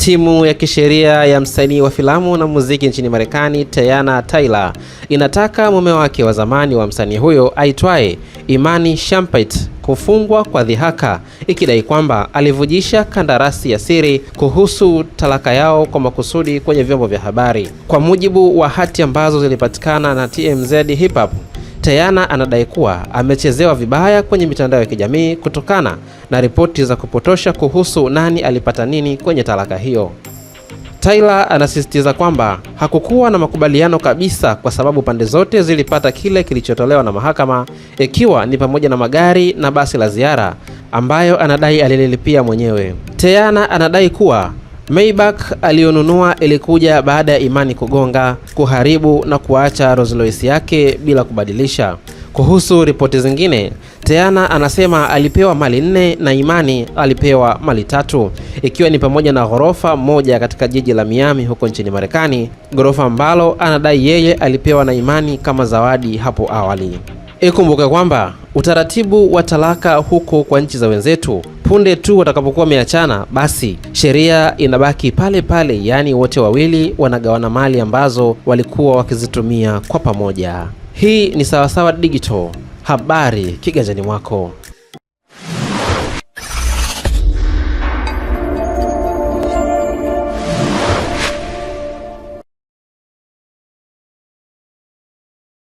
Timu ya kisheria ya msanii wa filamu na muziki nchini Marekani, Teyana Taylor inataka mume wake wa zamani wa msanii huyo aitwaye Imani Shampait kufungwa kwa dhihaka, ikidai kwamba alivujisha kandarasi ya siri kuhusu talaka yao kwa makusudi kwenye vyombo vya habari. Kwa mujibu wa hati ambazo zilipatikana na TMZ Hip Hop, Teyana anadai kuwa amechezewa vibaya kwenye mitandao ya kijamii kutokana na ripoti za kupotosha kuhusu nani alipata nini kwenye talaka hiyo. Tyler anasisitiza kwamba hakukuwa na makubaliano kabisa kwa sababu pande zote zilipata kile kilichotolewa na mahakama, ikiwa ni pamoja na magari na basi la ziara ambayo anadai alililipia mwenyewe. Teana anadai kuwa Maybach aliyonunua ilikuja baada ya imani kugonga, kuharibu na kuacha Rolls Royce yake bila kubadilisha. Kuhusu ripoti zingine, Teana anasema alipewa mali nne na Imani alipewa mali tatu, ikiwa ni pamoja na ghorofa moja katika jiji la Miami huko nchini Marekani, ghorofa ambalo anadai yeye alipewa na Imani kama zawadi hapo awali. Ikumbuke kwamba utaratibu wa talaka huko kwa nchi za wenzetu, punde tu watakapokuwa wameachana, basi sheria inabaki pale pale, yaani wote wawili wanagawana mali ambazo walikuwa wakizitumia kwa pamoja. Hii ni Sawasawa Digital, habari kiganjani mwako.